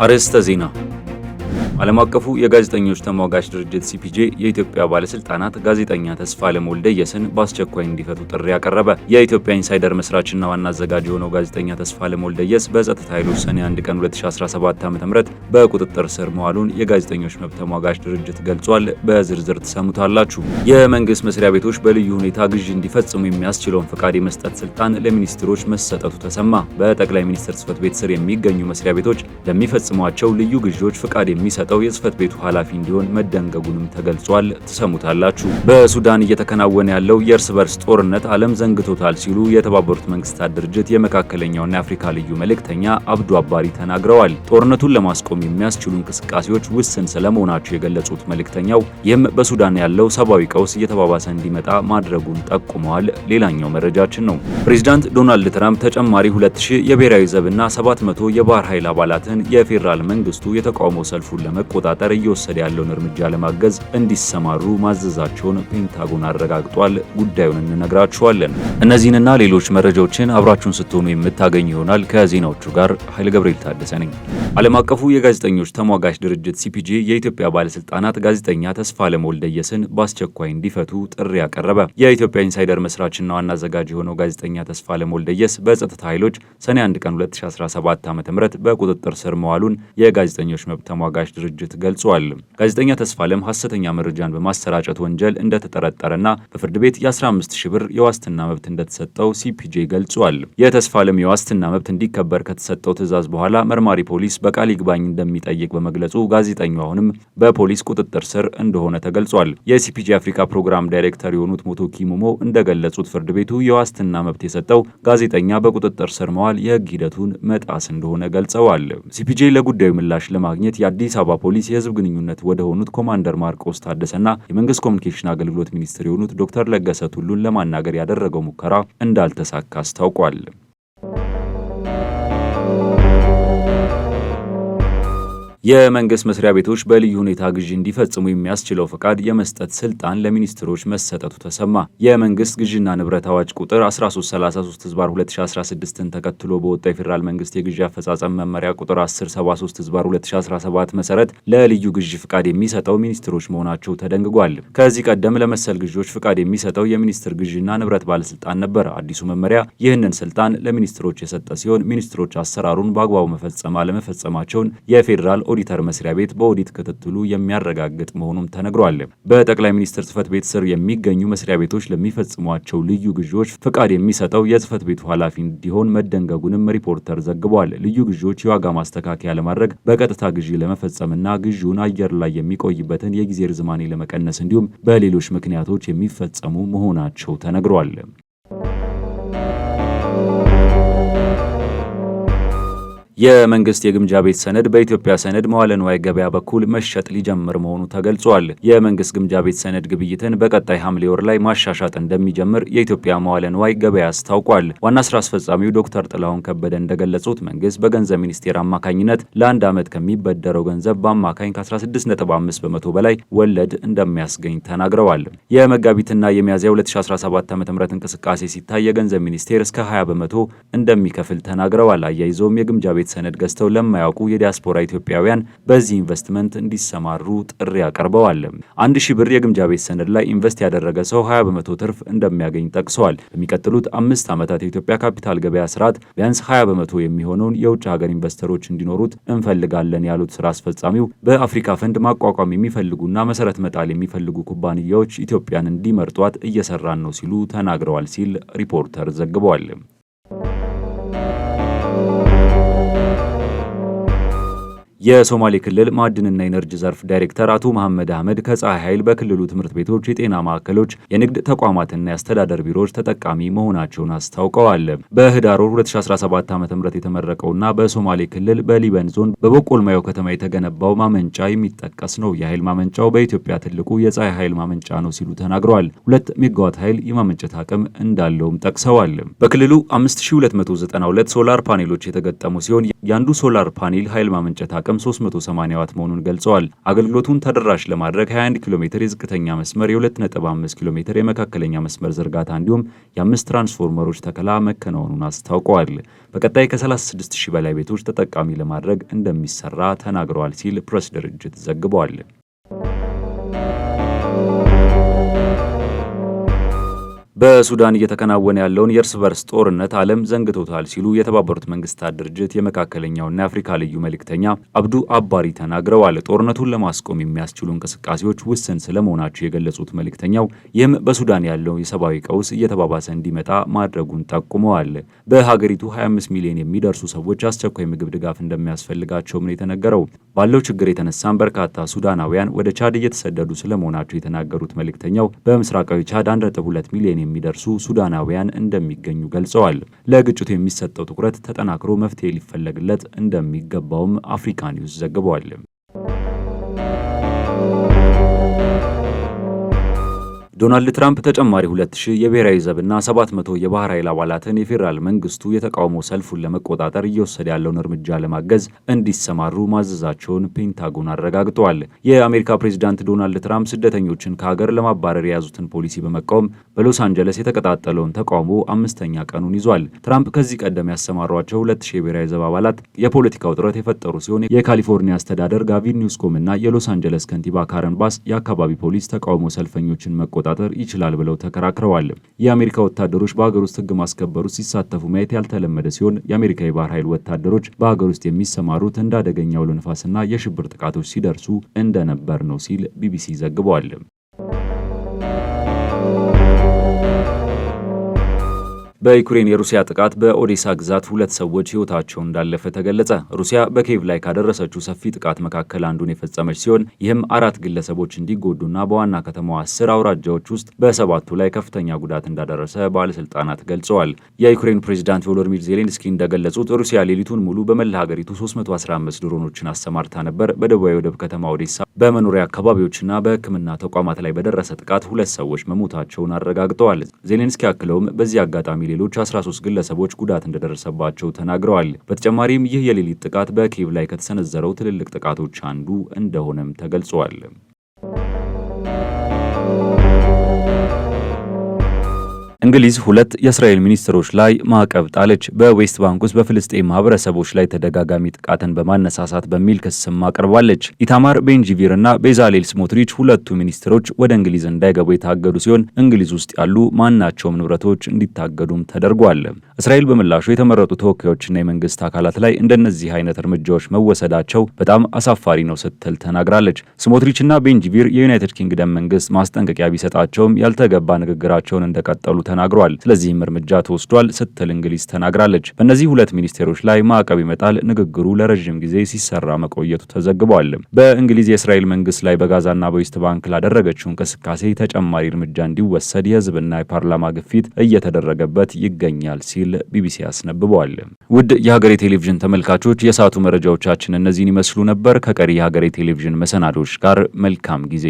Arrest da Zina. ዓለም አቀፉ የጋዜጠኞች ተሟጋች ድርጅት ሲፒጄ የኢትዮጵያ ባለስልጣናት ጋዜጠኛ ተስፋለም ወልደየስን በአስቸኳይ እንዲፈቱ ጥሪ አቀረበ። የኢትዮጵያ ኢንሳይደር መስራችና ዋና አዘጋጅ የሆነው ጋዜጠኛ ተስፋለም ወልደየስ በጸጥታ ኃይሎች ሰኔ 1 ቀን 2017 ዓ.ም በቁጥጥር ስር መዋሉን የጋዜጠኞች መብት ተሟጋች ድርጅት ገልጿል። በዝርዝር ትሰሙታላችሁ። የመንግስት መስሪያ ቤቶች በልዩ ሁኔታ ግዢ እንዲፈጽሙ የሚያስችለውን ፍቃድ የመስጠት ስልጣን ለሚኒስትሮች መሰጠቱ ተሰማ። በጠቅላይ ሚኒስትር ጽህፈት ቤት ስር የሚገኙ መስሪያ ቤቶች ለሚፈጽሟቸው ልዩ ግዢዎች ፍቃድ የሚሰጥ የተመረጠው የጽህፈት ቤቱ ኃላፊ እንዲሆን መደንገጉንም ተገልጿል። ትሰሙታላችሁ። በሱዳን እየተከናወነ ያለው የእርስ በርስ ጦርነት ዓለም ዘንግቶታል ሲሉ የተባበሩት መንግስታት ድርጅት የመካከለኛውና የአፍሪካ ልዩ መልእክተኛ አብዱ አባሪ ተናግረዋል። ጦርነቱን ለማስቆም የሚያስችሉ እንቅስቃሴዎች ውስን ስለመሆናቸው የገለጹት መልእክተኛው ይህም በሱዳን ያለው ሰብአዊ ቀውስ እየተባባሰ እንዲመጣ ማድረጉን ጠቁመዋል። ሌላኛው መረጃችን ነው። ፕሬዚዳንት ዶናልድ ትራምፕ ተጨማሪ 2000 የብሔራዊ ዘብና 700 የባህር ኃይል አባላትን የፌዴራል መንግስቱ የተቃውሞ ሰልፉን ለመ ለመቆጣጠር እየወሰደ ያለውን እርምጃ ለማገዝ እንዲሰማሩ ማዘዛቸውን ፔንታጎን አረጋግጧል። ጉዳዩን እንነግራችኋለን። እነዚህንና ሌሎች መረጃዎችን አብራችሁን ስትሆኑ የምታገኙ ይሆናል። ከዜናዎቹ ጋር ኃይለ ገብርኤል ታደሰ ነኝ። ዓለም አቀፉ የጋዜጠኞች ተሟጋች ድርጅት ሲፒጂ የኢትዮጵያ ባለስልጣናት ጋዜጠኛ ተስፋለም ወልደየስን በአስቸኳይ እንዲፈቱ ጥሪ አቀረበ። የኢትዮጵያ ኢንሳይደር መስራችና ዋና አዘጋጅ የሆነው ጋዜጠኛ ተስፋለም ወልደየስ በጸጥታ ኃይሎች ሰኔ 1 ቀን 2017 ዓ.ም በቁጥጥር ስር መዋሉን የጋዜጠኞች መብት ተሟጋች ድርጅት ድርጅት ገልጿል። ጋዜጠኛ ተስፋለም ሐሰተኛ መረጃን በማሰራጨት ወንጀል እንደተጠረጠረና በፍርድ ቤት የ15 ሺህ ብር የዋስትና መብት እንደተሰጠው ሲፒጄ ገልጿል። የተስፋለም የዋስትና መብት እንዲከበር ከተሰጠው ትዕዛዝ በኋላ መርማሪ ፖሊስ በቃል ይግባኝ እንደሚጠይቅ በመግለጹ ጋዜጠኛው አሁንም በፖሊስ ቁጥጥር ስር እንደሆነ ተገልጿል። የሲፒጄ አፍሪካ ፕሮግራም ዳይሬክተር የሆኑት ሞቶ ኪሙሞ እንደገለጹት ፍርድ ቤቱ የዋስትና መብት የሰጠው ጋዜጠኛ በቁጥጥር ስር መዋል የህግ ሂደቱን መጣስ እንደሆነ ገልጸዋል። ሲፒጄ ለጉዳዩ ምላሽ ለማግኘት የአዲስ አበባ አበባ ፖሊስ የህዝብ ግንኙነት ወደ ሆኑት ኮማንደር ማርቆስ ታደሰና የመንግስት ኮሚኒኬሽን አገልግሎት ሚኒስትር የሆኑት ዶክተር ለገሰ ቱሉን ለማናገር ያደረገው ሙከራ እንዳልተሳካ አስታውቋል። የመንግስት መስሪያ ቤቶች በልዩ ሁኔታ ግዢ እንዲፈጽሙ የሚያስችለው ፈቃድ የመስጠት ስልጣን ለሚኒስትሮች መሰጠቱ ተሰማ። የመንግስት ግዢና ንብረት አዋጅ ቁጥር 1333 ህዝባር 2016ን ተከትሎ በወጣ የፌዴራል መንግስት የግዢ አፈጻጸም መመሪያ ቁጥር 1073 ህዝባር 2017 መሰረት ለልዩ ግዢ ፍቃድ የሚሰጠው ሚኒስትሮች መሆናቸው ተደንግጓል። ከዚህ ቀደም ለመሰል ግዢዎች ፍቃድ የሚሰጠው የሚኒስትር ግዢና ንብረት ባለስልጣን ነበር። አዲሱ መመሪያ ይህንን ስልጣን ለሚኒስትሮች የሰጠ ሲሆን ሚኒስትሮች አሰራሩን በአግባቡ መፈጸም አለመፈጸማቸውን የፌዴራል ኦዲተር መስሪያ ቤት በኦዲት ክትትሉ የሚያረጋግጥ መሆኑም ተነግሯል። በጠቅላይ ሚኒስትር ጽህፈት ቤት ስር የሚገኙ መስሪያ ቤቶች ለሚፈጽሟቸው ልዩ ግዢዎች ፍቃድ የሚሰጠው የጽህፈት ቤቱ ኃላፊ እንዲሆን መደንገጉንም ሪፖርተር ዘግቧል። ልዩ ግዢዎች የዋጋ ማስተካከያ ለማድረግ በቀጥታ ግዢ ለመፈጸምና ግዢውን አየር ላይ የሚቆይበትን የጊዜ ርዝማኔ ለመቀነስ እንዲሁም በሌሎች ምክንያቶች የሚፈጸሙ መሆናቸው ተነግሯል። የመንግስት የግምጃ ቤት ሰነድ በኢትዮጵያ ሰነድ መዋለ ንዋይ ገበያ በኩል መሸጥ ሊጀምር መሆኑ ተገልጿል። የመንግስት ግምጃ ቤት ሰነድ ግብይትን በቀጣይ ሐምሌ ወር ላይ ማሻሻጥ እንደሚጀምር የኢትዮጵያ መዋለ ንዋይ ገበያ አስታውቋል። ዋና ስራ አስፈጻሚው ዶክተር ጥላሁን ከበደ እንደገለጹት መንግስት በገንዘብ ሚኒስቴር አማካኝነት ለአንድ ዓመት ከሚበደረው ገንዘብ በአማካኝ ከ16.5 በመቶ በላይ ወለድ እንደሚያስገኝ ተናግረዋል። የመጋቢትና የሚያዝያ 2017 .ም እንቅስቃሴ ሲታይ የገንዘብ ሚኒስቴር እስከ 20 በመቶ እንደሚከፍል ተናግረዋል። አያይዘውም የግምጃ ቤት ሰነድ ገዝተው ለማያውቁ የዲያስፖራ ኢትዮጵያውያን በዚህ ኢንቨስትመንት እንዲሰማሩ ጥሪ አቀርበዋል። አንድ ሺህ ብር የግምጃ ቤት ሰነድ ላይ ኢንቨስት ያደረገ ሰው 20 በመቶ ትርፍ እንደሚያገኝ ጠቅሰዋል። በሚቀጥሉት አምስት ዓመታት የኢትዮጵያ ካፒታል ገበያ ስርዓት ቢያንስ 20 በመቶ የሚሆነውን የውጭ ሀገር ኢንቨስተሮች እንዲኖሩት እንፈልጋለን ያሉት ስራ አስፈጻሚው በአፍሪካ ፈንድ ማቋቋም የሚፈልጉና መሰረት መጣል የሚፈልጉ ኩባንያዎች ኢትዮጵያን እንዲመርጧት እየሰራን ነው ሲሉ ተናግረዋል ሲል ሪፖርተር ዘግቧል። የሶማሌ ክልል ማዕድንና ኤነርጂ ዘርፍ ዳይሬክተር አቶ መሐመድ አህመድ ከፀሐይ ኃይል በክልሉ ትምህርት ቤቶች፣ የጤና ማዕከሎች፣ የንግድ ተቋማትና የአስተዳደር ቢሮዎች ተጠቃሚ መሆናቸውን አስታውቀዋል። በህዳር 2017 ዓ ም የተመረቀውና በሶማሌ ክልል በሊበን ዞን በበቆልማዮ ከተማ የተገነባው ማመንጫ የሚጠቀስ ነው። የኃይል ማመንጫው በኢትዮጵያ ትልቁ የፀሐይ ኃይል ማመንጫ ነው ሲሉ ተናግረዋል። ሁለት ሜጋዋት ኃይል የማመንጨት አቅም እንዳለውም ጠቅሰዋል። በክልሉ 5292 ሶላር ፓኔሎች የተገጠሙ ሲሆን የአንዱ ሶላር ፓኔል ኃይል ማመንጨት አቅም የሚጠቀም 380 ዋት መሆኑን ገልጸዋል። አገልግሎቱን ተደራሽ ለማድረግ 21 ኪሎ ሜትር የዝቅተኛ መስመር፣ የ2.5 ኪሎ ሜትር የመካከለኛ መስመር ዝርጋታ እንዲሁም የአምስት ትራንስፎርመሮች ተከላ መከናወኑን አስታውቀዋል። በቀጣይ ከ36 ሺህ በላይ ቤቶች ተጠቃሚ ለማድረግ እንደሚሰራ ተናግረዋል ሲል ፕሬስ ድርጅት ዘግቧል። በሱዳን እየተከናወነ ያለውን የእርስ በርስ ጦርነት ዓለም ዘንግቶታል ሲሉ የተባበሩት መንግስታት ድርጅት የመካከለኛውና የአፍሪካ ልዩ መልእክተኛ አብዱ አባሪ ተናግረዋል። ጦርነቱን ለማስቆም የሚያስችሉ እንቅስቃሴዎች ውስን ስለመሆናቸው የገለጹት መልእክተኛው ይህም በሱዳን ያለው የሰብአዊ ቀውስ እየተባባሰ እንዲመጣ ማድረጉን ጠቁመዋል። በሀገሪቱ 25 ሚሊዮን የሚደርሱ ሰዎች አስቸኳይ ምግብ ድጋፍ እንደሚያስፈልጋቸውም ነው የተነገረው። ባለው ችግር የተነሳም በርካታ ሱዳናውያን ወደ ቻድ እየተሰደዱ ስለመሆናቸው የተናገሩት መልእክተኛው በምስራቃዊ ቻድ 1.2 ሚሊዮን የሚደርሱ ሱዳናውያን እንደሚገኙ ገልጸዋል። ለግጭቱ የሚሰጠው ትኩረት ተጠናክሮ መፍትሄ ሊፈለግለት እንደሚገባውም አፍሪካ ኒውስ ዘግቧል። ዶናልድ ትራምፕ ተጨማሪ 2000 የብሔራዊ ዘብና 700 የባህር ኃይል አባላትን የፌዴራል መንግስቱ የተቃውሞ ሰልፉን ለመቆጣጠር እየወሰደ ያለውን እርምጃ ለማገዝ እንዲሰማሩ ማዘዛቸውን ፔንታጎን አረጋግጠዋል። የአሜሪካ ፕሬዚዳንት ዶናልድ ትራምፕ ስደተኞችን ከሀገር ለማባረር የያዙትን ፖሊሲ በመቃወም በሎስ አንጀለስ የተቀጣጠለውን ተቃውሞ አምስተኛ ቀኑን ይዟል። ትራምፕ ከዚህ ቀደም ያሰማሯቸው 2000 የብሔራዊ ዘብ አባላት የፖለቲካ ውጥረት የፈጠሩ ሲሆን የካሊፎርኒያ አስተዳደር ጋቪን ኒውስኮም እና የሎስ አንጀለስ ከንቲባ ካረን ባስ የአካባቢ ፖሊስ ተቃውሞ ሰልፈኞችን መቆጣ መቆጣጠር ይችላል ብለው ተከራክረዋል። የአሜሪካ ወታደሮች በሀገር ውስጥ ህግ ማስከበሩ ሲሳተፉ ማየት ያልተለመደ ሲሆን የአሜሪካ የባህር ኃይል ወታደሮች በሀገር ውስጥ የሚሰማሩት እንደ አደገኛ አውሎ ነፋስና የሽብር ጥቃቶች ሲደርሱ እንደነበር ነው ሲል ቢቢሲ ዘግቧል። በዩክሬን የሩሲያ ጥቃት በኦዴሳ ግዛት ሁለት ሰዎች ሕይወታቸው እንዳለፈ ተገለጸ። ሩሲያ በኬቭ ላይ ካደረሰችው ሰፊ ጥቃት መካከል አንዱን የፈጸመች ሲሆን ይህም አራት ግለሰቦች እንዲጎዱና በዋና ከተማዋ አስር አውራጃዎች ውስጥ በሰባቱ ላይ ከፍተኛ ጉዳት እንዳደረሰ ባለስልጣናት ገልጸዋል። የዩክሬን ፕሬዚዳንት ቮሎዲሚር ዜሌንስኪ እንደገለጹት ሩሲያ ሌሊቱን ሙሉ በመላ ሀገሪቱ 315 ድሮኖችን አሰማርታ ነበር። በደቡባዊ ወደብ ከተማ ኦዴሳ በመኖሪያ አካባቢዎችና በሕክምና ተቋማት ላይ በደረሰ ጥቃት ሁለት ሰዎች መሞታቸውን አረጋግጠዋል። ዜሌንስኪ አክለውም በዚህ አጋጣሚ ሌሎች 13 ግለሰቦች ጉዳት እንደደረሰባቸው ተናግረዋል። በተጨማሪም ይህ የሌሊት ጥቃት በኬቭ ላይ ከተሰነዘረው ትልልቅ ጥቃቶች አንዱ እንደሆነም ተገልጿል። እንግሊዝ ሁለት የእስራኤል ሚኒስትሮች ላይ ማዕቀብ ጣለች። በዌስት ባንክ ውስጥ በፍልስጤም ማህበረሰቦች ላይ ተደጋጋሚ ጥቃትን በማነሳሳት በሚል ክስም አቅርባለች። ኢታማር ቤንጂቪር እና ቤዛሌል ስሞትሪች ሁለቱ ሚኒስትሮች ወደ እንግሊዝ እንዳይገቡ የታገዱ ሲሆን እንግሊዝ ውስጥ ያሉ ማናቸውም ንብረቶች እንዲታገዱም ተደርጓል። እስራኤል በምላሹ የተመረጡ ተወካዮችና የመንግስት አካላት ላይ እንደነዚህ አይነት እርምጃዎች መወሰዳቸው በጣም አሳፋሪ ነው ስትል ተናግራለች። ስሞትሪችና ቤንጂቪር የዩናይትድ ኪንግደም መንግስት ማስጠንቀቂያ ቢሰጣቸውም ያልተገባ ንግግራቸውን እንደቀጠሉ ተናግረዋል። ስለዚህም እርምጃ ተወስዷል ስትል እንግሊዝ ተናግራለች። በእነዚህ ሁለት ሚኒስቴሮች ላይ ማዕቀብ ይመጣል ንግግሩ ለረዥም ጊዜ ሲሰራ መቆየቱ ተዘግቧል። በእንግሊዝ የእስራኤል መንግስት ላይ በጋዛና በዌስት ባንክ ላደረገችው እንቅስቃሴ ተጨማሪ እርምጃ እንዲወሰድ የህዝብና የፓርላማ ግፊት እየተደረገበት ይገኛል ሲል ሲል ቢቢሲ አስነብቧል። ውድ የሀገሬ ቴሌቪዥን ተመልካቾች የሰዓቱ መረጃዎቻችን እነዚህን ይመስሉ ነበር። ከቀሪ የሀገሬ ቴሌቪዥን መሰናዶች ጋር መልካም ጊዜ